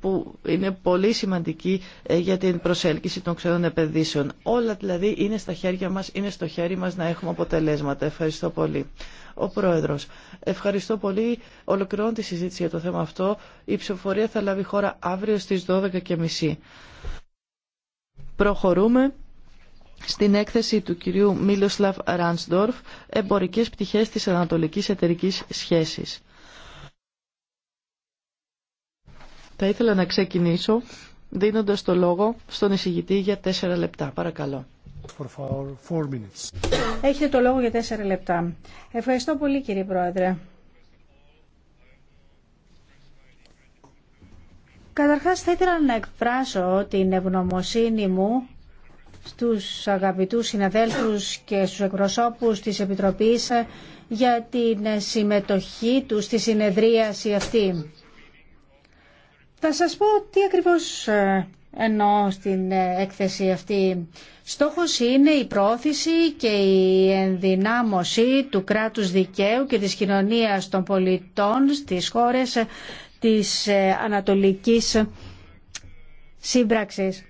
που είναι πολύ σημαντική ε, για την προσέλκυση των ξένων επενδύσεων. Όλα δηλαδή είναι στα χέρια μας, είναι στο χέρι μας να έχουμε αποτελέσματα. Ευχαριστώ πολύ. Ο Πρόεδρος, ευχαριστώ πολύ. Ολοκληρώνω τη συζήτηση για το θέμα αυτό. Η ψηφοφορία θα λάβει χώρα αύριο στις 12.30. Προχωρούμε στην έκθεση του κυρίου Μίλοσλαβ Ράνσντορφ «Εμπορικές πτυχές της Ανατολικής Εταιρικής Σχέσης». Θα ήθελα να ξεκινήσω δίνοντας το λόγο στον εισηγητή για τέσσερα λεπτά. Παρακαλώ. Έχετε το λόγο για τέσσερα λεπτά. Ευχαριστώ πολύ κύριε Πρόεδρε. Καταρχάς θα ήθελα να εκφράσω την ευγνωμοσύνη μου στους αγαπητούς συναδέλφους και στους εκπροσώπους της Επιτροπής για την συμμετοχή τους στη συνεδρίαση αυτή. Θα σας πω τι ακριβώς ε, εννοώ στην ε, έκθεση αυτή. Στόχος είναι η πρόθεση και η ενδυνάμωση του κράτους δικαίου και της κοινωνίας των πολιτών στις χώρες ε, της Ανατολικής Σύμπραξης.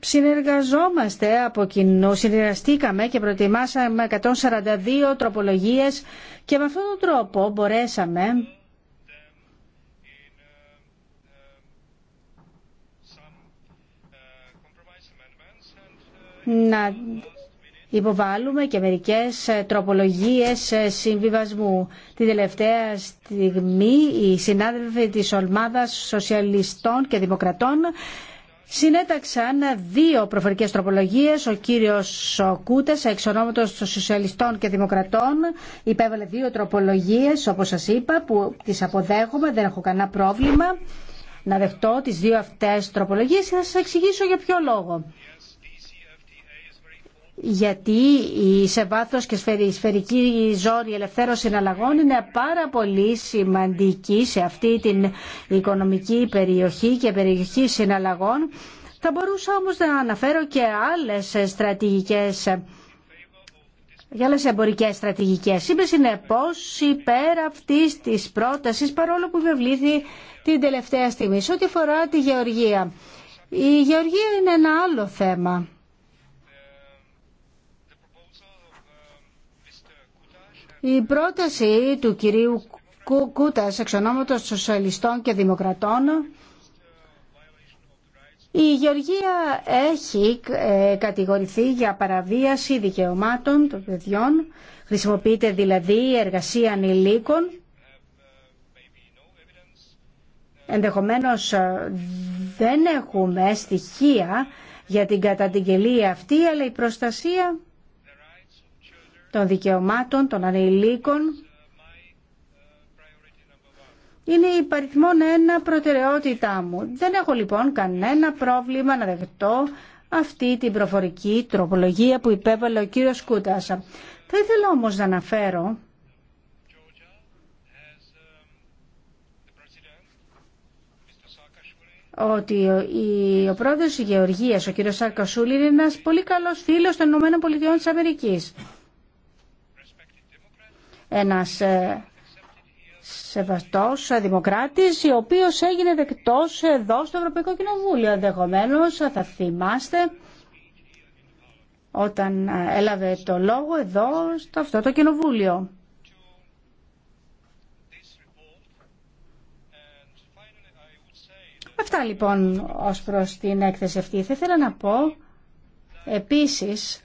Συνεργαζόμαστε από κοινού, συνεργαστήκαμε και προετοιμάσαμε 142 τροπολογίες και με αυτόν τον τρόπο μπορέσαμε να υποβάλουμε και μερικές ε, τροπολογίες ε, συμβιβασμού. Την τελευταία στιγμή οι συνάδελφοι της Ολμάδας Σοσιαλιστών και Δημοκρατών συνέταξαν δύο προφορικές τροπολογίες. Ο κύριος Κούτες, εξ ονόματος των Σοσιαλιστών και Δημοκρατών, υπέβαλε δύο τροπολογίες, όπως σας είπα, που τις αποδέχομαι, δεν έχω κανένα πρόβλημα να δεχτώ τις δύο αυτές τροπολογίες και θα σας εξηγήσω για ποιο λόγο γιατί η σε βάθος και σφαιρική ζώνη ελευθέρων συναλλαγών είναι πάρα πολύ σημαντική σε αυτή την οικονομική περιοχή και περιοχή συναλλαγών. Θα μπορούσα όμως να αναφέρω και άλλες στρατηγικές για άλλε εμπορικέ στρατηγικέ. Είμαι συνεπώ υπέρ αυτή τη πρόταση, παρόλο που βεβλήθη την τελευταία στιγμή. Σε ό,τι αφορά τη γεωργία. Η γεωργία είναι ένα άλλο θέμα. Η πρόταση του κυρίου κουτά εξ ονόματος Σοσιαλιστών και Δημοκρατών η Γεωργία έχει ε, κατηγορηθεί για παραβίαση δικαιωμάτων των παιδιών, χρησιμοποιείται δηλαδή εργασία ανηλίκων, ενδεχομένως ε, δεν έχουμε στοιχεία για την καταγγελία αυτή, αλλά η προστασία των δικαιωμάτων των ανηλίκων είναι η παριθμόν ένα προτεραιότητά μου. Δεν έχω λοιπόν κανένα πρόβλημα να δεχτώ αυτή την προφορική τροπολογία που υπέβαλε ο κύριος Κούτας. Θα ήθελα όμως να αναφέρω ότι ο πρόεδρος της Γεωργίας, ο κύριος Σούλη, είναι ένας πολύ καλός φίλος των ΗΠΑ ένας ε, σεβαστός δημοκράτης, ο οποίος έγινε δεκτός εδώ στο Ευρωπαϊκό Κοινοβούλιο. Ενδεχομένω θα θυμάστε όταν ε, έλαβε το λόγο εδώ στο αυτό το Κοινοβούλιο. Αυτά λοιπόν ως προς την έκθεση αυτή. Θα ήθελα να πω επίσης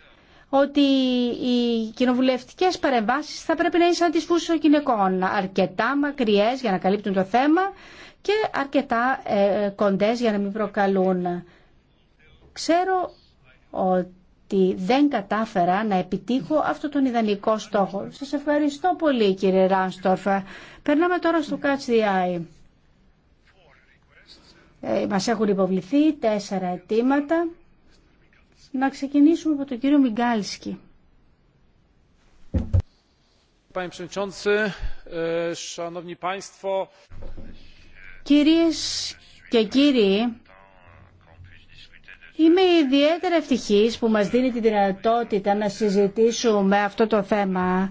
ότι οι κοινοβουλευτικέ παρεμβάσει θα πρέπει να είναι σαν τις φούσε των γυναικών, αρκετά μακριέ για να καλύπτουν το θέμα και αρκετά ε, κοντές για να μην προκαλούν. Ξέρω ότι δεν κατάφερα να επιτύχω αυτό τον ιδανικό στόχο. Σας ευχαριστώ πολύ κύριε Ράνστορφα. Περνάμε τώρα στο Catch the Eye. Ε, μας έχουν υποβληθεί τέσσερα αιτήματα. Να ξεκινήσουμε από τον κύριο Μιγκάλσκι. Ε, Κυρίες και κύριοι, είμαι ιδιαίτερα ευτυχής που μας δίνει τη δυνατότητα να συζητήσουμε αυτό το θέμα.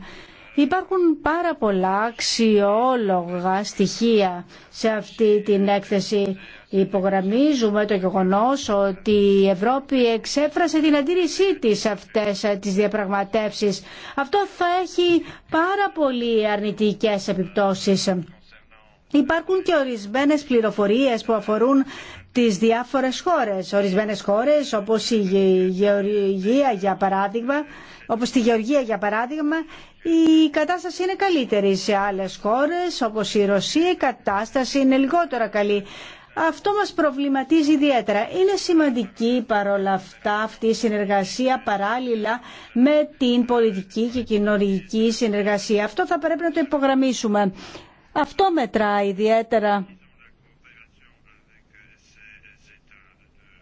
Υπάρχουν πάρα πολλά αξιόλογα στοιχεία σε αυτή την έκθεση. Υπογραμμίζουμε το γεγονός ότι η Ευρώπη εξέφρασε την αντίρρησή της σε αυτές ε, τις διαπραγματεύσεις. Αυτό θα έχει πάρα πολύ αρνητικές επιπτώσεις. Υπάρχουν και ορισμένες πληροφορίες που αφορούν τις διάφορες χώρες. Ορισμένες χώρες όπως η Γεωργία για παράδειγμα, όπως τη Γεωργία για παράδειγμα, η κατάσταση είναι καλύτερη. Σε άλλες χώρες όπως η Ρωσία η κατάσταση είναι λιγότερα καλή. Αυτό μας προβληματίζει ιδιαίτερα. Είναι σημαντική παρόλα αυτά αυτή η συνεργασία παράλληλα με την πολιτική και κοινωνική συνεργασία. Αυτό θα πρέπει να το υπογραμμίσουμε. Αυτό μετράει ιδιαίτερα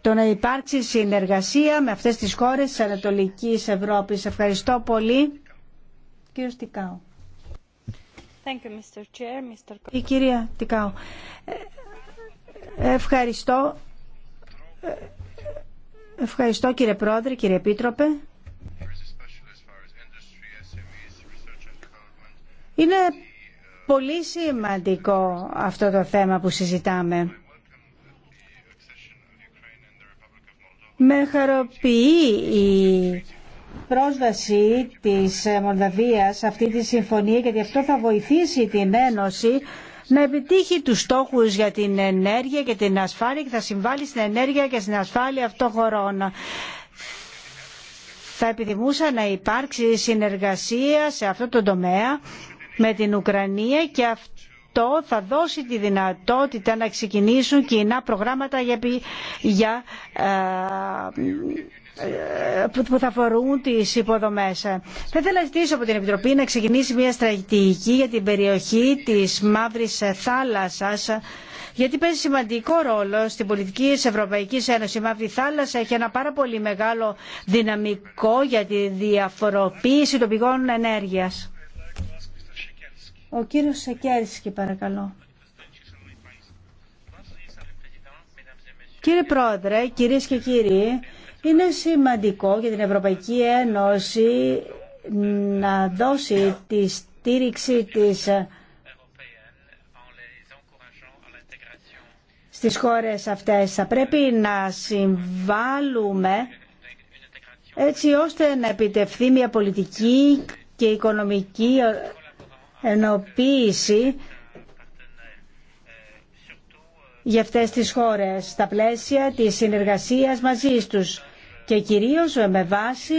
το να υπάρξει συνεργασία με αυτές τις χώρες της Ανατολικής Ευρώπης. Ευχαριστώ πολύ. Κύριο Τικάου. Η κυρία Τικάου. Ε, ευχαριστώ. Ε, ευχαριστώ κύριε Πρόεδρε, κύριε Επίτροπε. Είναι πολύ σημαντικό αυτό το θέμα που συζητάμε. Με χαροποιεί η πρόσβαση της Μολδαβίας σε αυτή τη συμφωνία γιατί αυτό θα βοηθήσει την Ένωση να επιτύχει τους στόχους για την ενέργεια και την ασφάλεια και θα συμβάλλει στην ενέργεια και στην ασφάλεια αυτών χωρών. Θα επιθυμούσα να υπάρξει συνεργασία σε αυτό το τομέα με την Ουκρανία και αυτό θα δώσει τη δυνατότητα να ξεκινήσουν κοινά προγράμματα για, για ε, ε, που θα αφορούν τι υποδομέ. Θα ήθελα να ζητήσω από την Επιτροπή να ξεκινήσει μια στρατηγική για την περιοχή τη Μαύρη Θάλασσα, γιατί παίζει σημαντικό ρόλο στην πολιτική τη Ευρωπαϊκή Ένωση. Η Μαύρη Θάλασσα έχει ένα πάρα πολύ μεγάλο δυναμικό για τη διαφοροποίηση των πηγών ενέργεια. Ο κύριος Σεκέρσκι παρακαλώ. Κύριε Πρόεδρε, κυρίες και κύριοι, είναι σημαντικό για την Ευρωπαϊκή Ένωση να δώσει τη στήριξη της στις χώρες αυτές. Θα πρέπει να συμβάλλουμε έτσι ώστε να επιτευχθεί μια πολιτική και οικονομική ενοποίηση για αυτές τις χώρες στα πλαίσια της συνεργασίας μαζί τους και κυρίως με βάση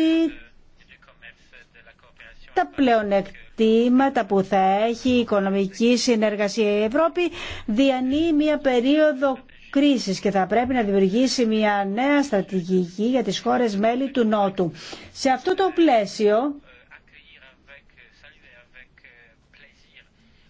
τα πλεονεκτήματα που θα έχει η οικονομική συνεργασία. Η Ευρώπη διανύει μια περίοδο κρίσης και θα πρέπει να δημιουργήσει μια νέα στρατηγική για τις χώρες μέλη του Νότου. Σε αυτό το πλαίσιο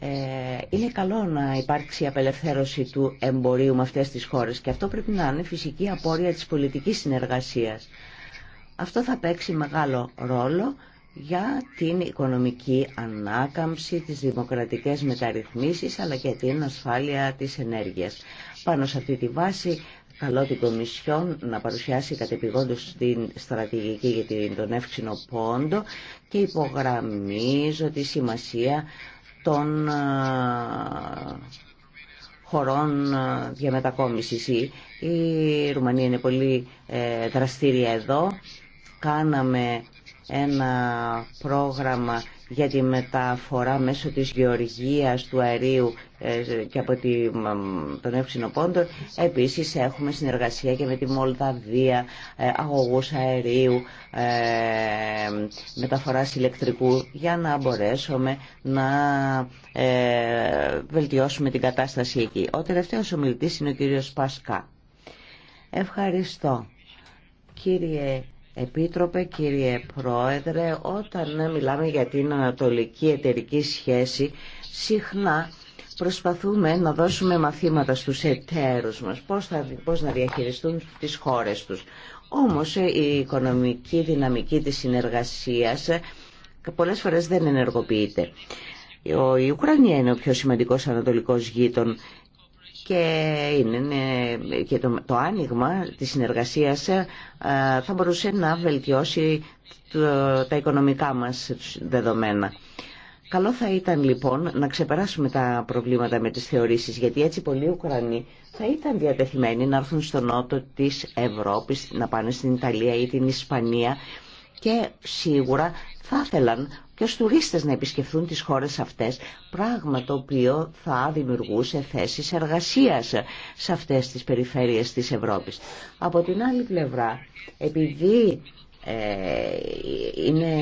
Ε, είναι καλό να υπάρξει η απελευθέρωση του εμπορίου με αυτές τις χώρες και αυτό πρέπει να είναι φυσική απόρρια της πολιτικής συνεργασίας. Αυτό θα παίξει μεγάλο ρόλο για την οικονομική ανάκαμψη, τις δημοκρατικές μεταρρυθμίσεις αλλά και την ασφάλεια της ενέργειας. Πάνω σε αυτή τη βάση καλό την Κομισιόν να παρουσιάσει κατεπηγόντως την στρατηγική για τον εύξηνο πόντο και υπογραμμίζω τη σημασία των ε, χωρών ε, διαμετακόμισης. Η Ρουμανία είναι πολύ ε, δραστήρια εδώ. Κάναμε ένα πρόγραμμα για τη μεταφορά μέσω της γεωργίας του αερίου ε, και από τον Εύξηνο Πόντο. Επίσης έχουμε συνεργασία και με τη Μολδαβία, ε, αγωγούς αερίου, ε, μεταφοράς ηλεκτρικού για να μπορέσουμε να βελτιώσουμε την κατάσταση εκεί. Ο τελευταίος ομιλητής είναι ο κύριος Πασκά. Ευχαριστώ. Κύριε Επίτροπε, κύριε Πρόεδρε, όταν μιλάμε για την ανατολική εταιρική σχέση, συχνά προσπαθούμε να δώσουμε μαθήματα στους εταίρους μας, πώς, θα, πώς να διαχειριστούν τις χώρες τους. Όμως ε, η οικονομική δυναμική της συνεργασίας ε, πολλές φορές δεν ενεργοποιείται. Η Ουκρανία είναι ο πιο σημαντικός ανατολικός γείτον και, είναι, και το, το άνοιγμα της συνεργασίας ε, θα μπορούσε να βελτιώσει τα οικονομικά μας δεδομένα. Καλό θα ήταν λοιπόν να ξεπεράσουμε τα προβλήματα με τις θεωρήσεις γιατί έτσι πολλοί Ουκρανοί θα ήταν διατεθειμένοι να έρθουν στο νότο της Ευρώπης, να πάνε στην Ιταλία ή την Ισπανία και σίγουρα θα ήθελαν και ως τουρίστες να επισκεφθούν τις χώρες αυτές, πράγμα το οποίο θα δημιουργούσε θέσεις εργασίας σε αυτές τις περιφέρειες της Ευρώπης. Από την άλλη πλευρά, επειδή ε, είναι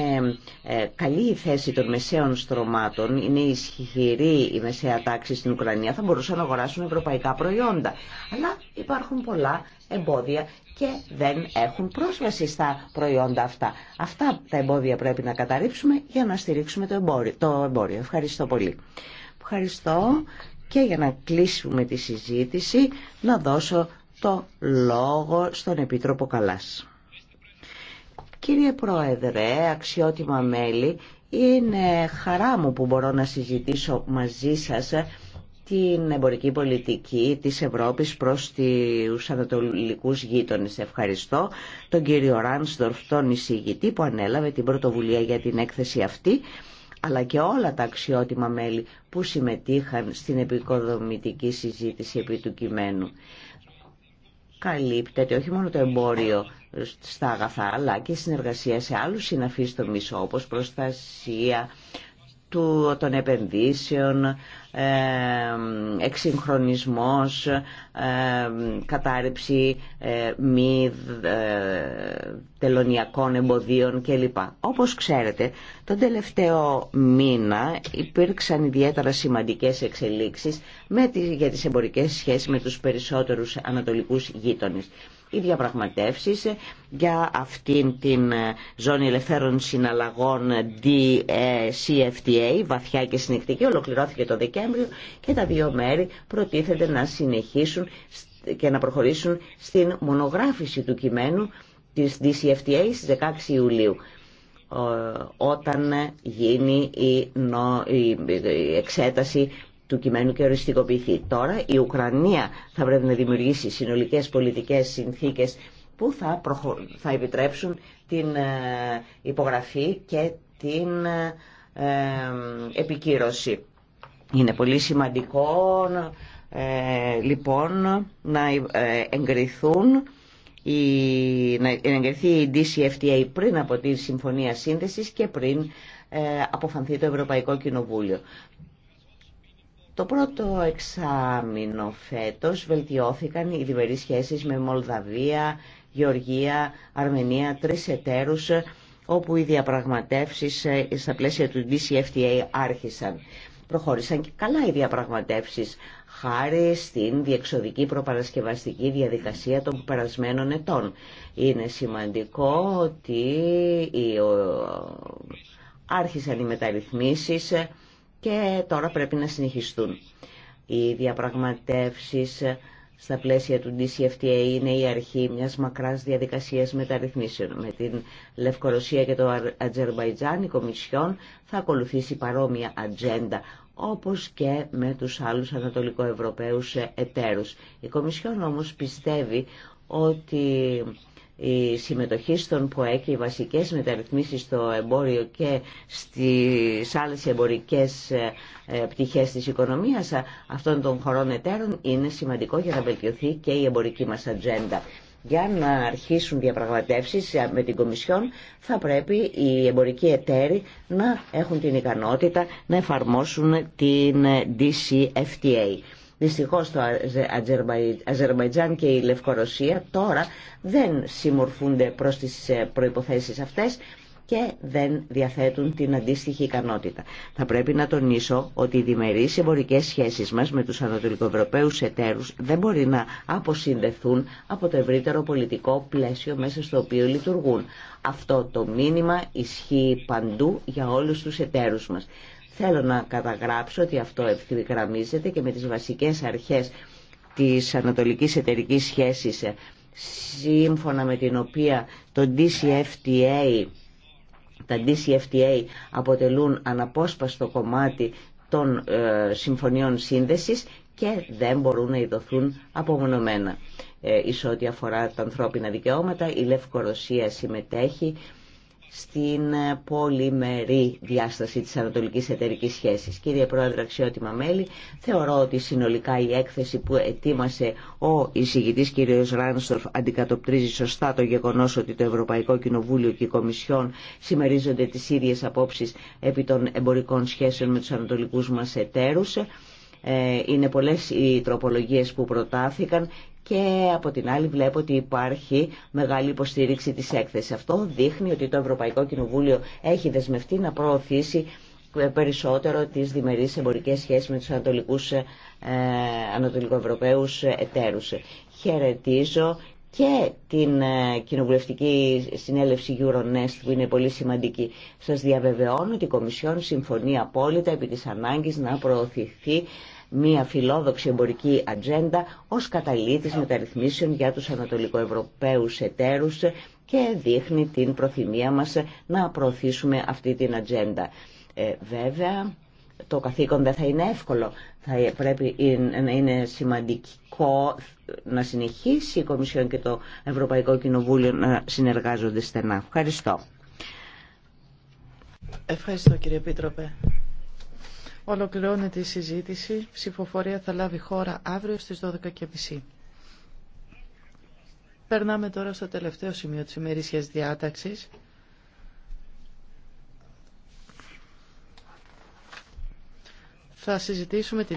ε, καλή η θέση των μεσαίων στρωμάτων, είναι ισχυρή η μεσαία τάξη στην Ουκρανία, θα μπορούσαν να αγοράσουν ευρωπαϊκά προϊόντα. Αλλά υπάρχουν πολλά εμπόδια και δεν έχουν πρόσβαση στα προϊόντα αυτά. Αυτά τα εμπόδια πρέπει να καταρρύψουμε για να στηρίξουμε το εμπόριο. Το εμπόριο. Ευχαριστώ πολύ. Ευχαριστώ και για να κλείσουμε τη συζήτηση να δώσω το λόγο στον Επίτροπο Καλάς. Κύριε Πρόεδρε, αξιότιμα μέλη, είναι χαρά μου που μπορώ να συζητήσω μαζί σας την εμπορική πολιτική της Ευρώπης προς τους ανατολικούς γείτονες. Ευχαριστώ τον κύριο Ράνστορφ, τον εισηγητή που ανέλαβε την πρωτοβουλία για την έκθεση αυτή αλλά και όλα τα αξιότιμα μέλη που συμμετείχαν στην επικοδομητική συζήτηση επί του κειμένου καλύπτεται όχι μόνο το εμπόριο στα αγαθά αλλά και συνεργασία σε άλλους συναφείς τομείς όπως προστασία του, των επενδύσεων, ε, εξυγχρονισμός, ε, κατάρρευση ε, μη τελωνιακών εμποδίων κλπ. Όπως ξέρετε, τον τελευταίο μήνα υπήρξαν ιδιαίτερα σημαντικές εξελίξεις για τις εμπορικές σχέσεις με τους περισσότερους ανατολικούς γείτονες οι διαπραγματεύσεις για αυτήν την ζώνη ελευθέρων συναλλαγών DCFTA, βαθιά και συνεκτική, ολοκληρώθηκε το Δεκέμβριο και τα δύο μέρη προτίθεται να συνεχίσουν και να προχωρήσουν στην μονογράφηση του κειμένου της DCFTA στις 16 Ιουλίου όταν γίνει η εξέταση του κειμένου και οριστικοποιηθεί. Τώρα η Ουκρανία θα πρέπει να δημιουργήσει συνολικές πολιτικές συνθήκες που θα, θα επιτρέψουν την ε, υπογραφή και την ε, ε, επικύρωση. Είναι πολύ σημαντικό ε, λοιπόν να ε, εγκριθούν η, να εγκριθεί η DCFTA πριν από τη Συμφωνία Σύνδεσης και πριν ε, αποφανθεί το Ευρωπαϊκό Κοινοβούλιο. Το πρώτο εξάμεινο φέτος βελτιώθηκαν οι διμερείς σχέσεις με Μολδαβία, Γεωργία, Αρμενία, τρεις εταίρους όπου οι διαπραγματεύσεις ε, στα πλαίσια του DCFTA άρχισαν προχώρησαν και καλά οι διαπραγματεύσεις χάρη στην διεξοδική προπαρασκευαστική διαδικασία των περασμένων ετών. Είναι σημαντικό ότι άρχισαν οι μεταρρυθμίσεις και τώρα πρέπει να συνεχιστούν. Οι διαπραγματεύσεις στα πλαίσια του DCFTA είναι η αρχή μιας μακράς διαδικασίας μεταρρυθμίσεων. Με την Λευκορωσία και το Ατζερμπαϊτζάν η Κομισιόν θα ακολουθήσει παρόμοια ατζέντα όπως και με τους άλλους ανατολικοευρωπαίους εταίρους. Η Κομισιόν όμως πιστεύει ότι η συμμετοχή στον ΠΟΕ και οι βασικές μεταρρυθμίσεις στο εμπόριο και στις άλλες εμπορικές ε, ε, πτυχές της οικονομίας αυτών των χωρών εταίρων είναι σημαντικό για να βελτιωθεί και η εμπορική μας ατζέντα. Για να αρχίσουν διαπραγματεύσεις ε, με την Κομισιόν θα πρέπει οι εμπορικοί εταίροι να έχουν την ικανότητα να εφαρμόσουν την DCFTA. Δυστυχώς το Αζερβαϊτζάν και η Λευκορωσία τώρα δεν συμμορφούνται προς τις ε, προϋποθέσεις αυτές και δεν διαθέτουν την αντίστοιχη ικανότητα. Θα πρέπει να τονίσω ότι οι διμερείς εμπορικέ σχέσεις μας με τους ανατολικοευρωπαίους εταίρους δεν μπορεί να αποσυνδεθούν από το ευρύτερο πολιτικό πλαίσιο μέσα στο οποίο λειτουργούν. Αυτό το μήνυμα ισχύει παντού για όλους τους εταίρους μας. Θέλω να καταγράψω ότι αυτό ευθυγραμμίζεται και με τις βασικές αρχές της ανατολικής εταιρικής σχέσης ε, σύμφωνα με την οποία το DCFTA, τα DCFTA αποτελούν αναπόσπαστο κομμάτι των ε, συμφωνιών σύνδεσης και δεν μπορούν να ειδωθούν απομονωμένα. Ε, ό,τι αφορά τα ανθρώπινα δικαιώματα, η Λευκορωσία συμμετέχει στην πολυμερή διάσταση της Ανατολικής Εταιρικής Σχέσης. Κύριε Πρόεδρε, αξιότιμα μέλη, θεωρώ ότι συνολικά η έκθεση που ετοίμασε ο εισηγητής κ. Ράνστορφ αντικατοπτρίζει σωστά το γεγονός ότι το Ευρωπαϊκό Κοινοβούλιο και η Κομισιόν συμμερίζονται τις ίδιες απόψεις επί των εμπορικών σχέσεων με τους ανατολικούς μας εταίρους. Ε, είναι πολλές οι τροπολογίες που προτάθηκαν και από την άλλη βλέπω ότι υπάρχει μεγάλη υποστήριξη της έκθεσης. Αυτό δείχνει ότι το Ευρωπαϊκό Κοινοβούλιο έχει δεσμευτεί να προωθήσει περισσότερο τις διμερείς εμπορικές σχέσεις με τους ανατολικούς, ε, ανατολικοευρωπαίους εταίρους. Χαιρετίζω και την ε, κοινοβουλευτική συνέλευση Euronest που είναι πολύ σημαντική. Σας διαβεβαιώνω ότι η Κομισιόν συμφωνεί απόλυτα επί της ανάγκης να προωθηθεί μια φιλόδοξη εμπορική ατζέντα ως καταλήτης μεταρρυθμίσεων για τους ανατολικοευρωπαίους εταίρους και δείχνει την προθυμία μας να προωθήσουμε αυτή την ατζέντα. Ε, βέβαια, το καθήκον δεν θα είναι εύκολο. Θα πρέπει να είναι σημαντικό να συνεχίσει η Κομισιόν και το Ευρωπαϊκό Κοινοβούλιο να συνεργάζονται στενά. Ευχαριστώ. Ευχαριστώ κύριε Ολοκληρώνεται η συζήτηση. Ψηφοφορία θα λάβει χώρα αύριο στις 12.30. Περνάμε τώρα στο τελευταίο σημείο της ημερήσιας διάταξης. Θα συζητήσουμε την